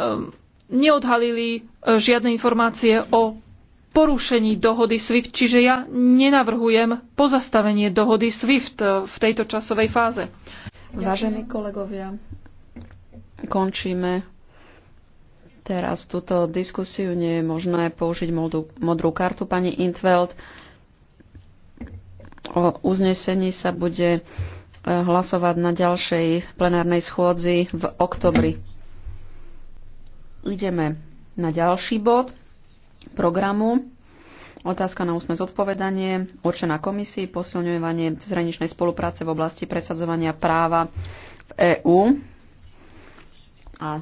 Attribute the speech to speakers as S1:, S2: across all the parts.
S1: Ehm, neodhalili e, žiadne informácie o porušení dohody SWIFT, čiže ja nenavrhujem pozastavenie dohody SWIFT e, v tejto časovej fáze. Vážení kolegovia,
S2: končíme teraz túto diskusiu. Nie je možné použiť modrú, modrú kartu pani Intveld. O uznesení sa bude e, hlasovať na ďalšej plenárnej schôdzi v oktobri. Ideme na ďalší bod programu. Otázka na ústne zodpovedanie určená komisii posilňovanie zraničnej spolupráce v oblasti presadzovania práva v EÚ. A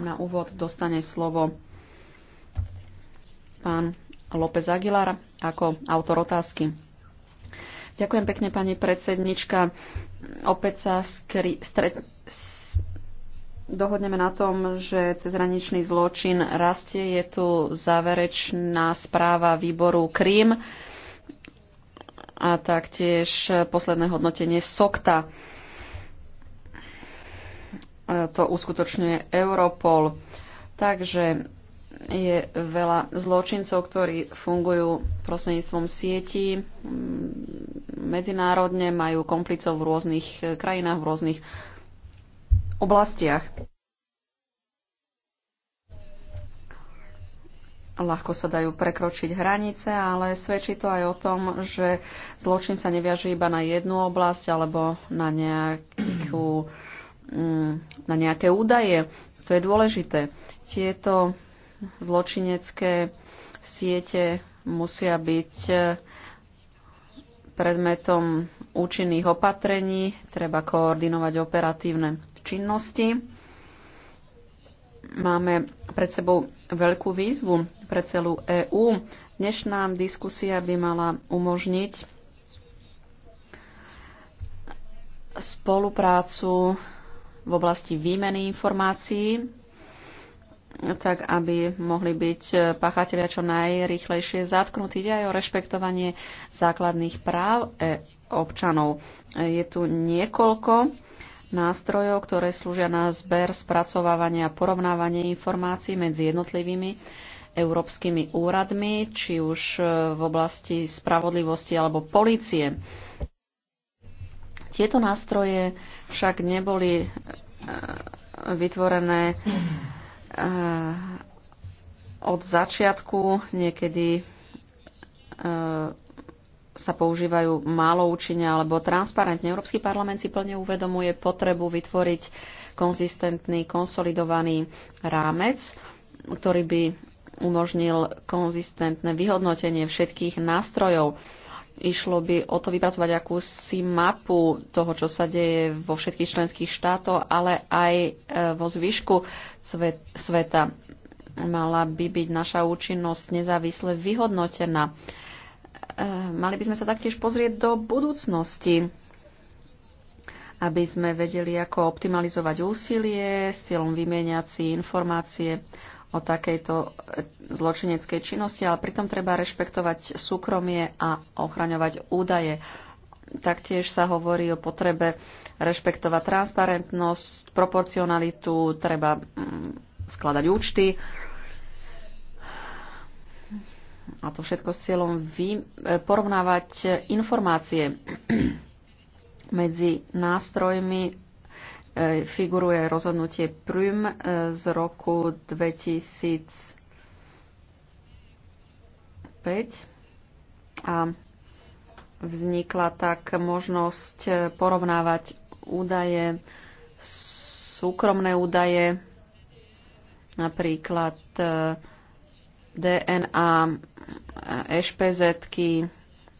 S2: na úvod dostane slovo pán López Aguilar ako autor otázky. Ďakujem pekne, pani predsednička. Opäť sa skry, stre, dohodneme na tom, že cezhraničný zločin rastie. Je tu záverečná správa výboru Krím a taktiež posledné hodnotenie SOKTA. To uskutočňuje Europol. Takže je veľa zločincov, ktorí fungujú prostredníctvom sietí medzinárodne, majú komplicov v rôznych krajinách, v rôznych oblastiach. Ľahko sa dajú prekročiť hranice, ale svedčí to aj o tom, že zločin sa neviaže iba na jednu oblasť alebo na, nejakú, mm, na nejaké údaje. To je dôležité. Tieto zločinecké siete musia byť eh, predmetom účinných opatrení, treba koordinovať operatívne činnosti. Máme pred sebou veľkú výzvu pre celú EÚ. Dnešná diskusia by mala umožniť spoluprácu v oblasti výmeny informácií, tak aby mohli byť páchatelia čo najrychlejšie zatknutí. Ide aj o rešpektovanie základných práv e, občanov. Je tu niekoľko nástrojov, ktoré slúžia na zber, spracovávanie a porovnávanie informácií medzi jednotlivými európskymi úradmi, či už e, v oblasti spravodlivosti alebo polície. Tieto nástroje však neboli e, vytvorené e, od začiatku, niekedy sa používajú málo účinne alebo transparentne. Európsky parlament si plne uvedomuje potrebu vytvoriť konzistentný, konsolidovaný rámec, ktorý by umožnil konzistentné vyhodnotenie všetkých nástrojov. Išlo by o to vypracovať akúsi mapu toho, čo sa deje vo všetkých členských štátoch, ale aj e, vo zvyšku sveta. Mala by byť naša účinnosť nezávisle vyhodnotená. Eh, mali by sme sa taktiež pozrieť do budúcnosti, aby sme vedeli, ako optimalizovať úsilie s cieľom vymieňať si informácie o takejto eh, zločineckej činnosti, ale pritom treba rešpektovať súkromie a ochraňovať údaje. Taktiež sa hovorí o potrebe rešpektovať transparentnosť, proporcionalitu, treba mm, skladať účty. A to všetko s cieľom vy, e, porovnávať informácie medzi nástrojmi e, figuruje rozhodnutie Prüm e, z roku 2005 a vznikla tak možnosť porovnávať údaje, súkromné údaje, napríklad DNA ešpezetky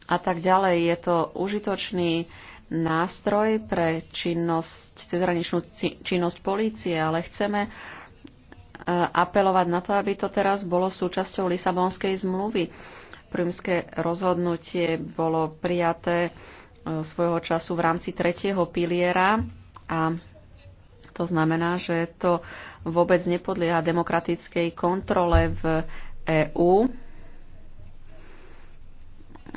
S2: a tak ďalej. Je to užitočný nástroj pre činnosť, cezhraničnú činnosť polície, ale chceme e, apelovať na to, aby to teraz bolo súčasťou Lisabonskej zmluvy. Prímske rozhodnutie bolo prijaté e, svojho času v rámci tretieho piliera a to znamená, že to vôbec nepodlieha demokratickej kontrole v EÚ.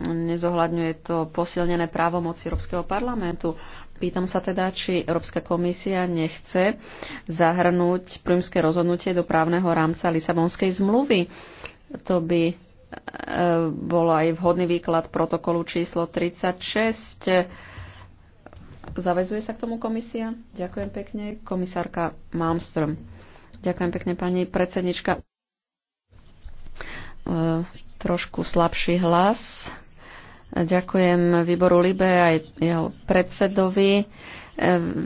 S2: Nezohľadňuje to posilnené právomoci Európskeho parlamentu. Pýtam sa teda, či Európska komisia nechce zahrnúť prímske rozhodnutie do právneho rámca Lisabonskej zmluvy. To by e, bol aj vhodný výklad protokolu číslo 36. Zavezuje sa k tomu komisia? Ďakujem pekne. Komisárka Malmström. Ďakujem pekne, pani predsednička. E, trošku slabší hlas Ďakujem výboru Libe aj jeho predsedovi. E,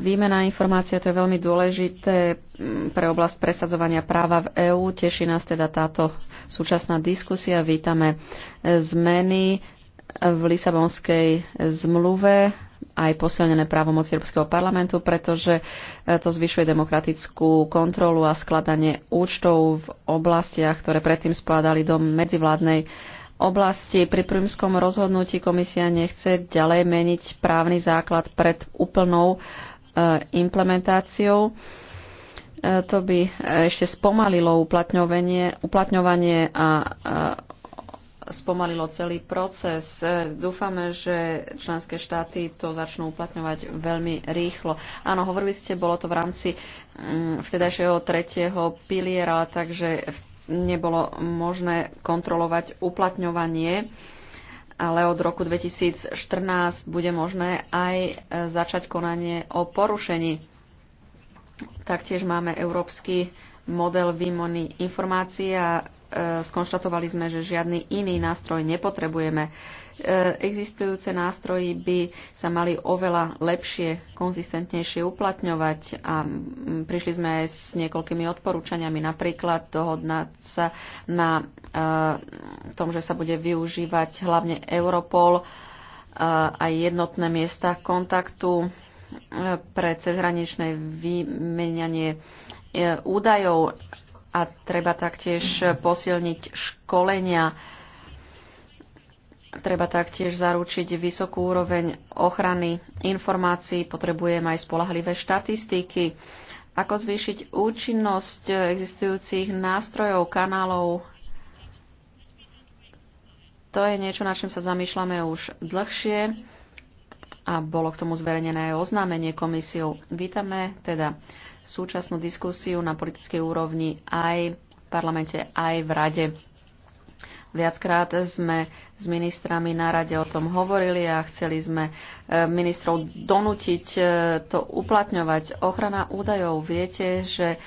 S2: Výmena informácie to je veľmi dôležité pre oblasť presadzovania práva v EÚ. Teší nás teda táto súčasná diskusia. Vítame e, zmeny v Lisabonskej zmluve aj posilnené právomoci Európskeho parlamentu, pretože e, to zvyšuje demokratickú kontrolu a skladanie účtov v oblastiach, ktoré predtým skladali do medzivládnej oblasti pri prímskom rozhodnutí komisia nechce ďalej meniť právny základ pred úplnou e, implementáciou. E, to by ešte spomalilo uplatňovanie, uplatňovanie a spomalilo celý proces. E, dúfame, že členské štáty to začnú uplatňovať veľmi rýchlo. Áno, hovorili ste, bolo to v rámci mm, vtedajšieho tretieho piliera, takže v nebolo možné kontrolovať uplatňovanie, ale od roku 2014 bude možné aj e, začať konanie o porušení. Taktiež máme európsky model výmony informácií a E, skonštatovali sme, že žiadny iný nástroj nepotrebujeme. E, existujúce nástroji by sa mali oveľa lepšie, konzistentnejšie uplatňovať a prišli sme aj s niekoľkými odporúčaniami, napríklad dohodnať sa na e, tom, že sa bude využívať hlavne Europol a jednotné miesta kontaktu pre cezhraničné vymenianie údajov a treba taktiež posilniť školenia. Treba taktiež zaručiť vysokú úroveň ochrany informácií, potrebujem aj spolahlivé štatistiky, ako zvýšiť účinnosť existujúcich nástrojov, kanálov. To je niečo, na čom sa zamýšľame už dlhšie a bolo k tomu zverejnené aj oznámenie komisiou. Vítame teda súčasnú diskusiu na politickej úrovni aj v parlamente, aj v rade. Viackrát sme s ministrami na rade o tom hovorili a chceli sme e, ministrov donútiť e, to uplatňovať. Ochrana údajov. Viete, že e,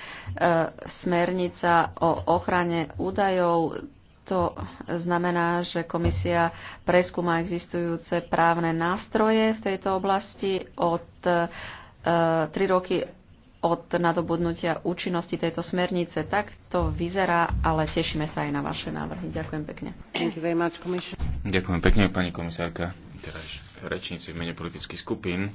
S2: smernica o ochrane údajov to znamená, že komisia preskúma existujúce právne nástroje v tejto oblasti od 3 roky od nadobudnutia účinnosti tejto smernice. Tak to vyzerá, ale tešíme sa aj na vaše návrhy. Ďakujem pekne.
S3: Ďakujem pekne, pani komisárka. Teraz rečníci v mene politických skupín.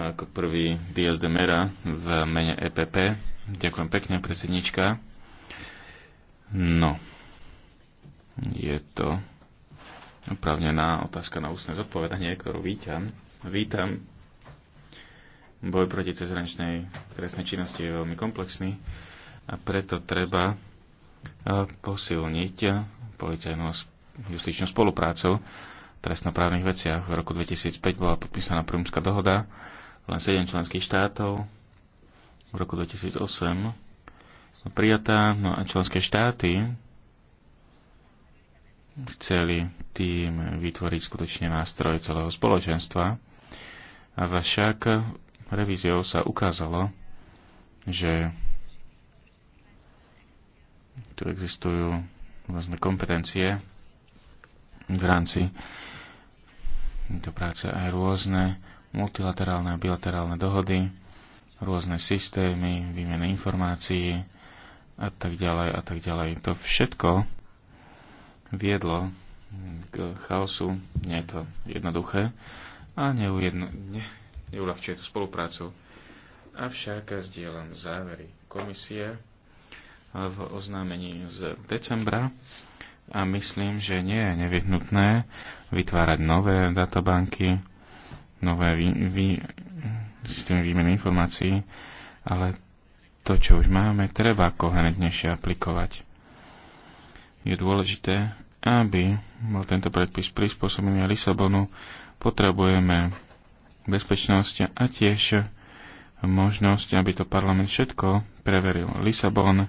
S3: Ako prvý Diaz de Mera v mene EPP. Ďakujem pekne, predsednička. No, je to opravnená otázka na ústne zodpovedanie, ktorú vítam. Vítam Boj proti cezhraničnej trestnej činnosti je veľmi komplexný a preto treba e, posilniť e, policajnú justičnú spoluprácu v trestnoprávnych veciach. V roku 2005 bola podpísaná Prúmska dohoda, len 7 členských štátov. V roku 2008 prijatá, no a členské štáty chceli tým vytvoriť skutočne nástroj celého spoločenstva. Avšak revíziou sa ukázalo, že tu existujú rôzne kompetencie v rámci do práce aj rôzne multilaterálne a bilaterálne dohody, rôzne systémy, výmeny informácií a tak ďalej a tak ďalej. To všetko viedlo k chaosu, nie je to jednoduché a neujedno, ne, neulahčuje tú spoluprácu. Avšak zdieľam závery komisie v oznámení z decembra a myslím, že nie je nevyhnutné vytvárať nové databanky, nové vý, vý, systémy výmeny informácií, ale to, čo už máme, treba koherentnejšie aplikovať. Je dôležité, aby bol tento predpis prispôsobený Lisabonu, potrebujeme bezpečnosť a tiež možnosť, aby to parlament všetko preveril. Lisabon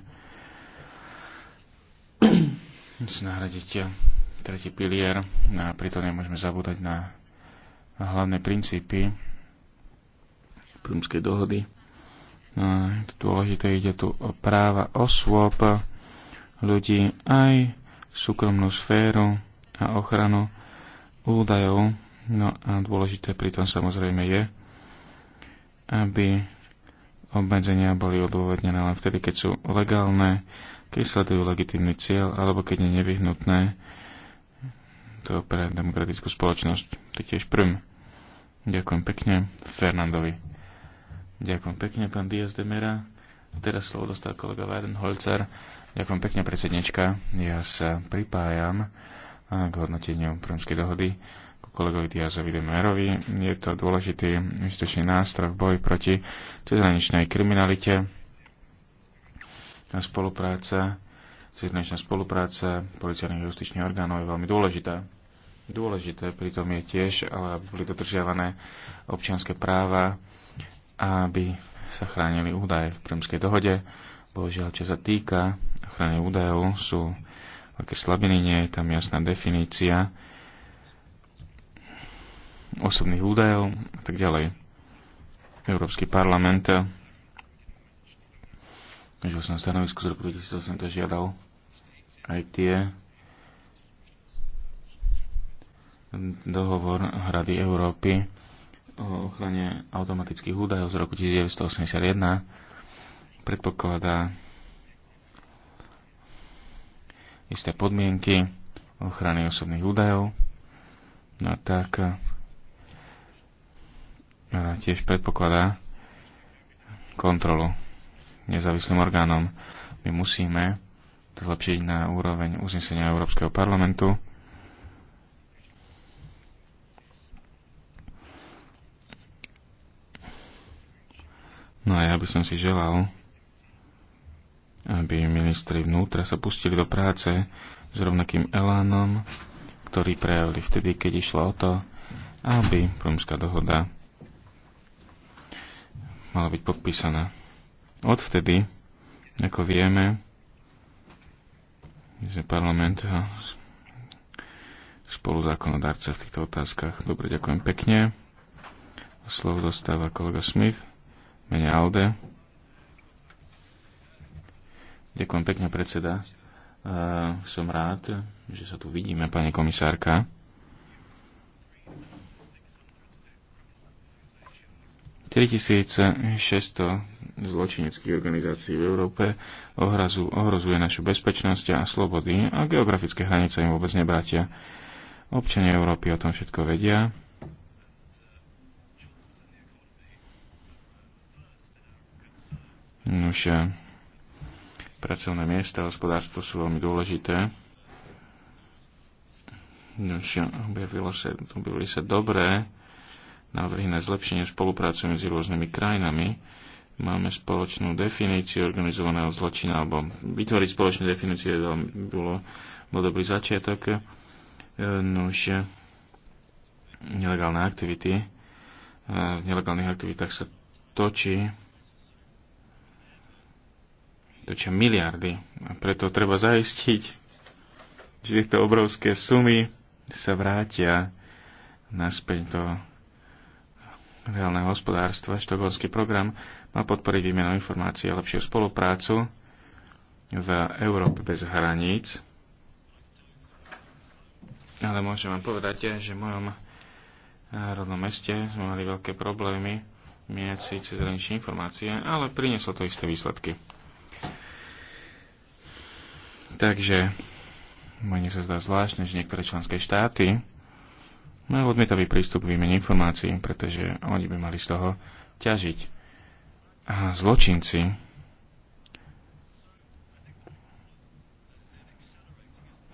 S3: nahradiť tretí pilier no a pritom nemôžeme zabúdať na hlavné princípy prímskej dohody. No, je to dôležité, ide tu o práva osôb, ľudí aj súkromnú sféru a ochranu údajov No a dôležité pri tom samozrejme je, aby obmedzenia boli odôvodnené len vtedy, keď sú legálne, keď sledujú legitímny cieľ alebo keď je nevyhnutné to pre demokratickú spoločnosť. To tiež prvým. Ďakujem pekne Fernandovi. Ďakujem pekne, pán Díaz de Mera. Teraz slovo dostal kolega Weidenholzer. Ďakujem pekne, predsednička. Ja sa pripájam k hodnoteniu Prúmskej dohody kolegovi Diazovi de Merovi. Je to dôležitý investičný nástroj v boji proti cezhraničnej kriminalite a spolupráca, cezhraničná spolupráca policajných a justičných orgánov je veľmi dôležitá. Dôležité pritom je tiež, ale aby boli dodržiavané občianské práva a aby sa chránili údaje v prímskej dohode. Bohužiaľ, čo sa týka ochrany údajov, sú také slabiny, nie je tam jasná definícia osobných údajov a tak ďalej. Európsky parlament že som stanovisko z roku 2008 to žiadal aj tie dohovor Rady Európy o ochrane automatických údajov z roku 1981 predpokladá isté podmienky ochrany osobných údajov. No tak tiež predpokladá kontrolu nezávislým orgánom. My musíme to zlepšiť na úroveň uznesenia Európskeho parlamentu. No a ja by som si želal, aby ministri vnútra sa pustili do práce s rovnakým elánom, ktorý prejavili vtedy, keď išlo o to, aby Prúmska dohoda mala byť podpísaná. Odvtedy, ako vieme, že parlament spoluzákonodárca v týchto otázkach. Dobre, ďakujem pekne. Slovo dostáva kolega Smith, mene Alde. Ďakujem pekne, predseda. Uh, som rád, že sa tu vidíme, pani komisárka. 3600 zločineckých organizácií v Európe ohrazu, ohrozuje našu bezpečnosť a slobody a geografické hranice im vôbec nebratia. Občania Európy o tom všetko vedia. Nuž, pracovné miesta a hospodárstvo sú veľmi dôležité. Nuž, objavilo sa, sa dobré návrhy na zlepšenie spolupráce medzi rôznymi krajinami. Máme spoločnú definíciu organizovaného zločina, alebo vytvoriť spoločnú definíciu bolo, bol dobrý začiatok. E, Nož nelegálne aktivity. E, v nelegálnych aktivitách sa točí točia miliardy. A preto treba zaistiť, že tieto obrovské sumy sa vrátia naspäť do reálneho hospodárstva, štokholmský program má podporiť výmenu informácií a lepšiu spoluprácu v Európe bez hraníc. Ale môžem vám povedať, že v mojom eh, rodnom meste sme mali veľké problémy mieť síce zraničné informácie, ale prinieslo to isté výsledky. Takže mne sa zdá zvláštne, že niektoré členské štáty majú no odmietavý prístup k výmene informácií, pretože oni by mali z toho ťažiť. A zločinci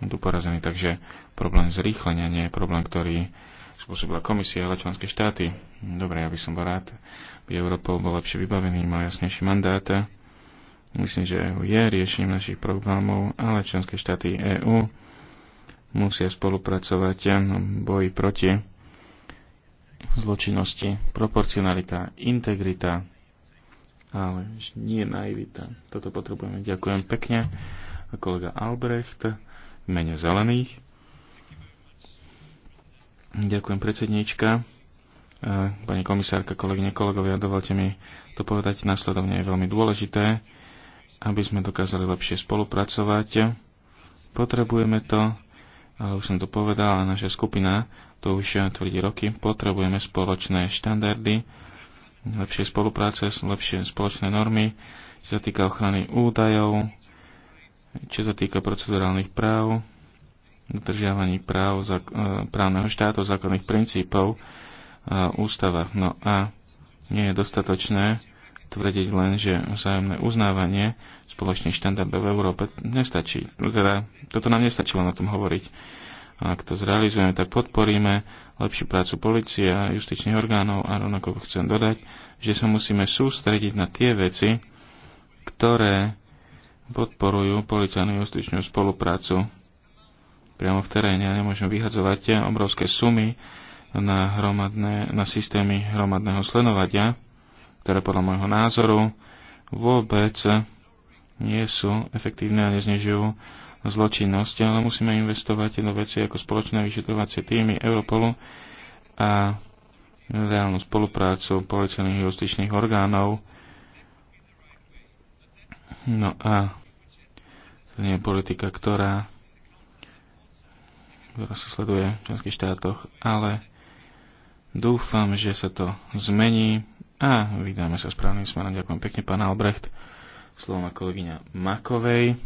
S3: budú porazení, takže problém zrýchlenia nie je problém, ktorý spôsobila komisia, ale členské štáty. Dobre, ja by som bol rád, by Europol bol lepšie vybavený, mal jasnejší mandát. Myslím, že EU je riešením našich problémov, ale členské štáty EU musia spolupracovať eh, v boji proti zločinnosti, proporcionalita, integrita, ale nie naivita. Toto potrebujeme. Ďakujem pekne. A kolega Albrecht v mene zelených. Ďakujem predsedníčka. Eh, pani komisárka, kolegyne, kolegovia, dovolte mi to povedať následovne je veľmi dôležité, aby sme dokázali lepšie spolupracovať. Potrebujeme to ale už som to povedal, a naša skupina to už eh, tvrdí roky, potrebujeme spoločné štandardy, lepšie spolupráce, lepšie spoločné normy, čo sa týka ochrany údajov, čo sa týka procedurálnych práv, dodržiavaní práv, zá, eh, právneho štátu, základných princípov a eh, ústava. No a nie je dostatočné tvrdiť len, že vzájomné uznávanie spoločných štandardov v Európe nestačí. No teda, toto nám nestačí len o tom hovoriť. A ak to zrealizujeme, tak podporíme lepšiu prácu policie a justičných orgánov a rovnako chcem dodať, že sa musíme sústrediť na tie veci, ktoré podporujú policajnú justičnú spoluprácu priamo v teréne a nemôžeme vyhadzovať obrovské sumy na, hromadné, na systémy hromadného sledovania ktoré podľa môjho názoru vôbec nie sú efektívne a neznežujú zločinnosť, ale musíme investovať do veci ako spoločné vyšetrovacie týmy Europolu a reálnu spoluprácu policajných justičných orgánov. No a to nie je politika, ktorá, ktorá sa sleduje v členských štátoch, ale dúfam, že sa to zmení a vydáme sa správnym smerom. Ďakujem pekne, pán Albrecht. Slovo má kolegyňa Makovej.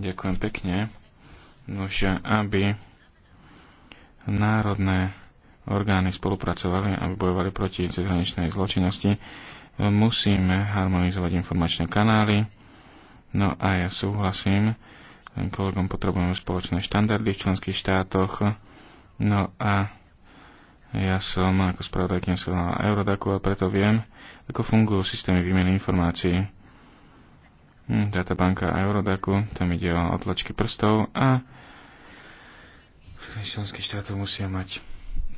S3: Ďakujem pekne. Nože, aby národné orgány spolupracovali, aby bojovali proti cezhraničnej zločinnosti, musíme harmonizovať informačné kanály. No a ja súhlasím, kolegom potrebujeme spoločné štandardy v členských štátoch. No a ja som ako spravodajkňa sa na Eurodaku a preto viem, ako fungujú systémy výmeny informácií. Hm, databanka Eurodaku, tam ide o otlačky prstov a členské štáty musia mať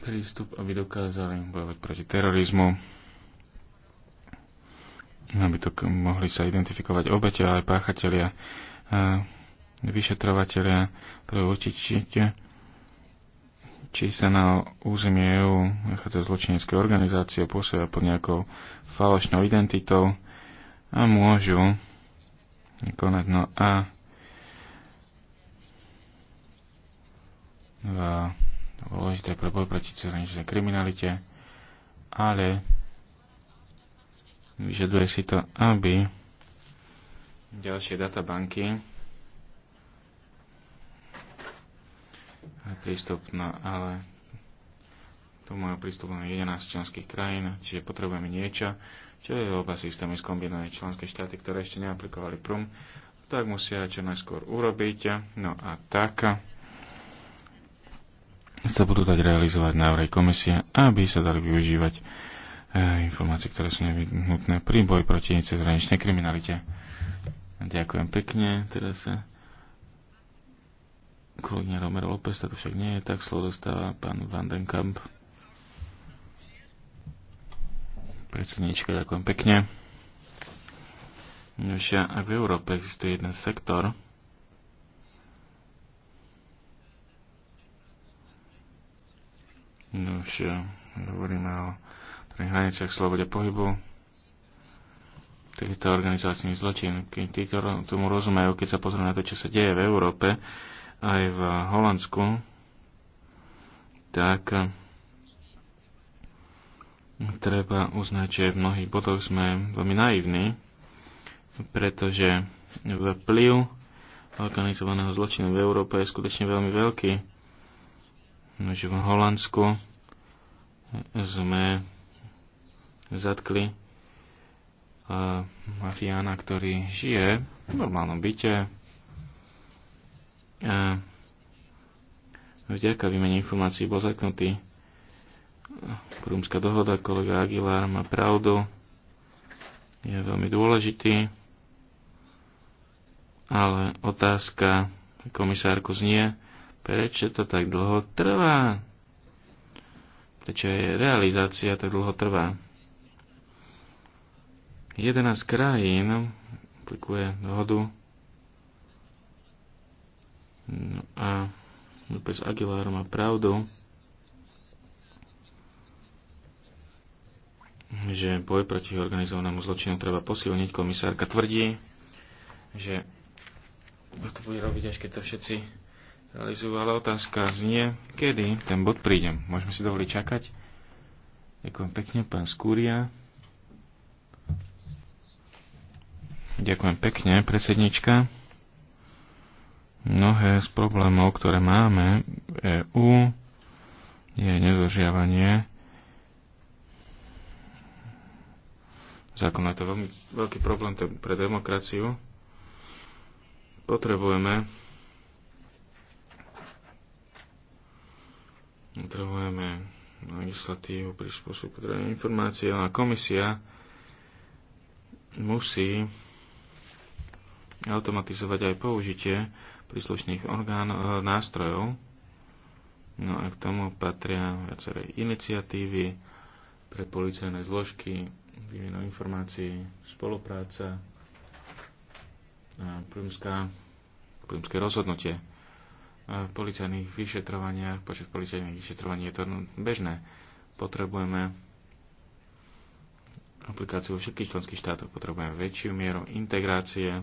S3: prístup, aby dokázali bojovať proti terorizmu, aby to mohli sa identifikovať obete, ale aj páchatelia, vyšetrovateľia, pre určite či sa na území EÚ nachádza zločinecké organizácie, pôsobia pod nejakou falošnou identitou a môžu konať. No a dôležité pre boj proti cezhraničnej kriminalite, ale vyžaduje si to, aby ďalšie databanky prístup, no ale to majú prístup len 11 členských krajín, čiže potrebujeme niečo, čo je oba systémy skombinované členské štáty, ktoré ešte neaplikovali PRUM, tak musia čo najskôr urobiť. No a tak sa budú dať realizovať návrhy komisie, aby sa dali využívať eh, informácie, ktoré sú nevyhnutné pri boji proti cezhraničnej kriminalite. Ďakujem pekne. Teraz sa Kolegyňa Romero López, to však nie je, tak slovo dostáva pán Van den Kamp. Predsedníčka, ďakujem pekne. No ak v Európe existuje jeden sektor, No Nož, hovoríme o tých hraniciach slobode pohybu. Tieto organizácií zločin, keď títo tomu rozumejú, keď sa pozrú na to, čo sa deje v Európe, aj v Holandsku, tak treba uznať, že v mnohých bodoch sme veľmi naivní, pretože vplyv organizovaného zločinu v Európe je skutočne veľmi veľký. Že v Holandsku sme zatkli eh, mafiána, ktorý žije v normálnom byte, a vďaka výmene informácií bol zaknutý. Prúmska dohoda, kolega Aguilar má pravdu, je veľmi dôležitý, ale otázka komisárku znie, prečo to tak dlho trvá? Prečo je realizácia tak dlho trvá? 11 krajín aplikuje dohodu a López Aguilar má pravdu, že boj proti organizovanému zločinu treba posilniť. Komisárka tvrdí, že to bude robiť, až keď to všetci realizujú, ale otázka znie, kedy ten bod príde. Môžeme si dovoliť čakať. Ďakujem pekne, pán Skúria. Ďakujem pekne, predsednička. Mnohé z problémov, ktoré máme v EÚ, je nedržiavanie zákona. Je to veľmi veľký problém pre demokraciu. Potrebujeme potrebujeme legislatívu prispôsobiť potrebujeme informácie, a komisia musí automatizovať aj použitie príslušných orgánov, e, nástrojov. No a k tomu patria viaceré iniciatívy pre policajné zložky, výmena informácií, spolupráca, prímská, prímské rozhodnutie. V policajných vyšetrovaniach, počas policajných vyšetrovaní je to bežné. Potrebujeme aplikáciu vo všetkých členských štátoch, potrebujeme väčšiu mieru integrácie,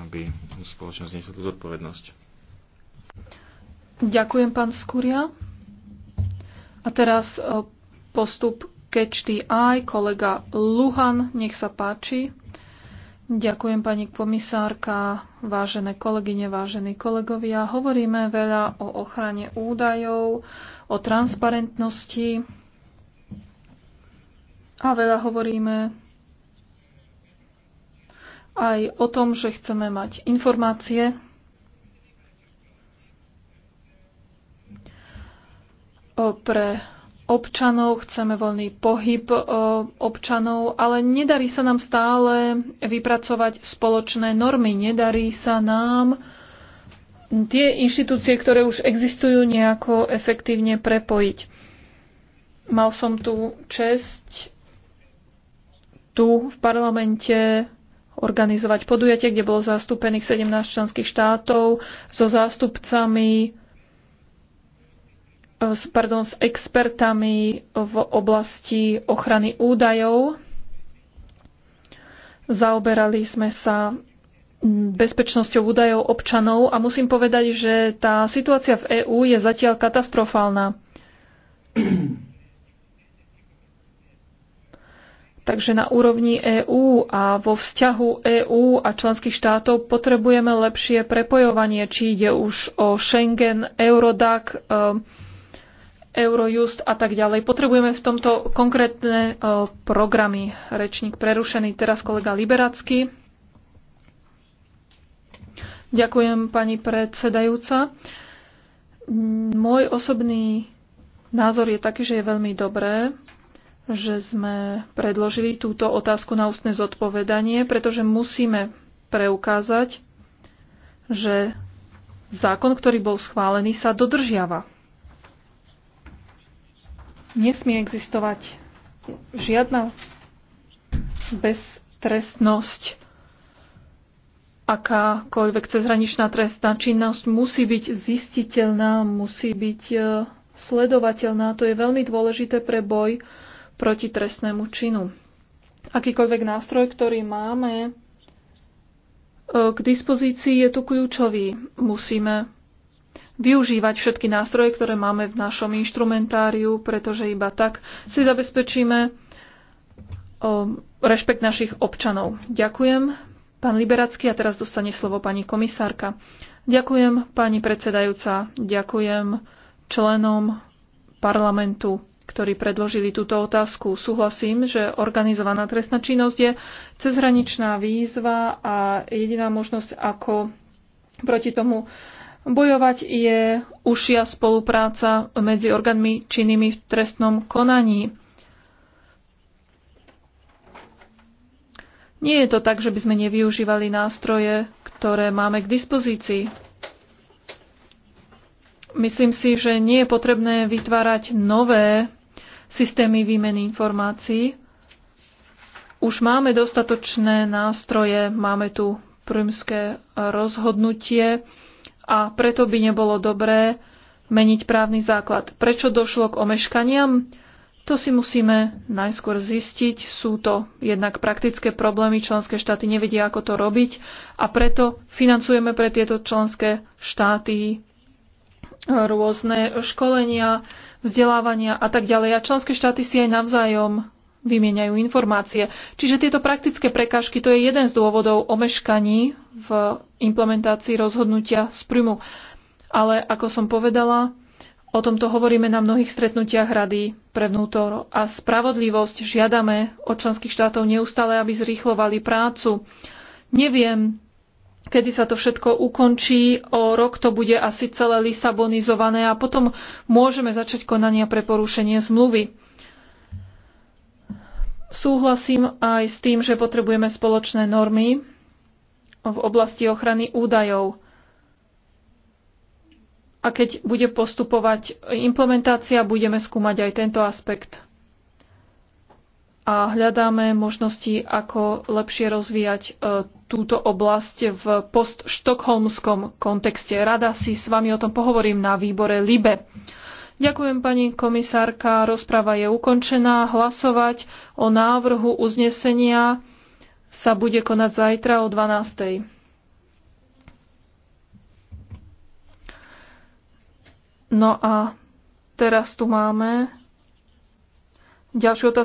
S3: aby spoločnosť nesla tú zodpovednosť.
S1: Ďakujem, pán Skúria. A teraz e, postup Catch aj kolega Luhan, nech sa páči. Ďakujem pani komisárka, vážené kolegyne, vážení kolegovia. Hovoríme veľa o ochrane údajov, o transparentnosti a veľa hovoríme aj o tom, že chceme mať informácie pre občanov, chceme voľný pohyb občanov, ale nedarí sa nám stále vypracovať spoločné normy, nedarí sa nám tie inštitúcie, ktoré už existujú, nejako efektívne prepojiť. Mal som tu čest tu v parlamente organizovať podujatie, kde bolo zastúpených 17 členských štátov so zástupcami e, s, pardon, s expertami v oblasti ochrany údajov. Zaoberali sme sa bezpečnosťou údajov občanov a musím povedať, že tá situácia v EÚ je zatiaľ katastrofálna. Takže na úrovni EÚ a vo vzťahu EÚ a členských štátov potrebujeme lepšie prepojovanie, či ide už o Schengen, Eurodac, um, Eurojust a tak ďalej. Potrebujeme v tomto konkrétne uh, programy. Rečník prerušený, teraz kolega Liberacký. Ďakujem, pani predsedajúca. Môj osobný názor je taký, že je veľmi dobré, že sme predložili túto otázku na ústne zodpovedanie, pretože musíme preukázať, že zákon, ktorý bol schválený, sa dodržiava. Nesmie existovať žiadna beztrestnosť. Akákoľvek cezhraničná trestná činnosť musí byť zistiteľná, musí byť eh, sledovateľná. To je veľmi dôležité pre boj proti trestnému činu. Akýkoľvek nástroj, ktorý máme e, k dispozícii, je tu kľúčový. Musíme využívať všetky nástroje, ktoré máme v našom inštrumentáriu, pretože iba tak si zabezpečíme e, rešpekt našich občanov. Ďakujem, pán Liberacký, a teraz dostane slovo pani komisárka. Ďakujem, pani predsedajúca, ďakujem členom parlamentu ktorí predložili túto otázku. Súhlasím, že organizovaná trestná činnosť je cezhraničná výzva a jediná možnosť, ako proti tomu bojovať, je užšia spolupráca medzi orgánmi činnými v trestnom konaní. Nie je to tak, že by sme nevyužívali nástroje, ktoré máme k dispozícii. Myslím si, že nie je potrebné vytvárať nové systémy výmeny informácií. Už máme dostatočné nástroje, máme tu prímske rozhodnutie a preto by nebolo dobré meniť právny základ. Prečo došlo k omeškaniam? To si musíme najskôr zistiť. Sú to jednak praktické problémy, členské štáty nevedia, ako to robiť a preto financujeme pre tieto členské štáty rôzne školenia, vzdelávania a tak ďalej. A členské štáty si aj navzájom vymieňajú informácie. Čiže tieto praktické prekážky to je jeden z dôvodov omeškaní v implementácii rozhodnutia z prímu. Ale ako som povedala, o tomto hovoríme na mnohých stretnutiach Rady pre vnútor a spravodlivosť žiadame od členských štátov neustále, aby zrýchlovali prácu. Neviem, kedy sa to všetko ukončí. O rok to bude asi celé lisabonizované a potom môžeme začať konania pre porušenie zmluvy. Súhlasím aj s tým, že potrebujeme spoločné normy v oblasti ochrany údajov. A keď bude postupovať implementácia, budeme skúmať aj tento aspekt a hľadáme možnosti, ako lepšie rozvíjať e, túto oblasť v postštokholmskom kontexte. Rada si s vami o tom pohovorím na výbore LIBE. Ďakujem pani komisárka, rozprava je ukončená. Hlasovať o návrhu uznesenia sa bude konať zajtra o 12. No a teraz tu máme ďalšiu otázku.